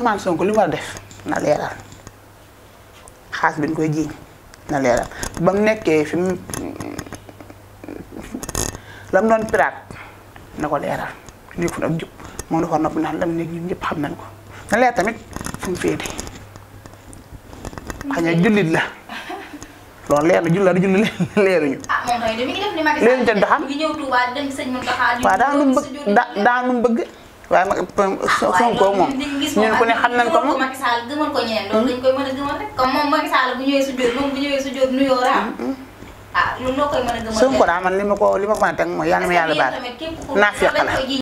Ousmane Sonko li mu def na leeral xaas bi ñu koy jiiñ na leeral ba nekkee fi mu la piraat na ko leeral ñu fa doon jub moo ne ñun xam nañ ko na leer tamit fu mu féete xaña jullit la loolu leer na jullit la du jullit leeruñu. ah moom xam ñëw daa nu bëgg daa nu bëgg waaye ah, Sonko moom. ñun ku ne xam nañ ko moom Macky Sall gëmal ko ñeneen loolu dañ koy a gëmal rek comme moom Macky Sall bu ñëwee su moom bu ñëwee su jóot nuyoo raam ah a gëmal Sonko daa man li ma ko li ma ko mën a teg mooy yàlla ma yàlla baal naaf yàq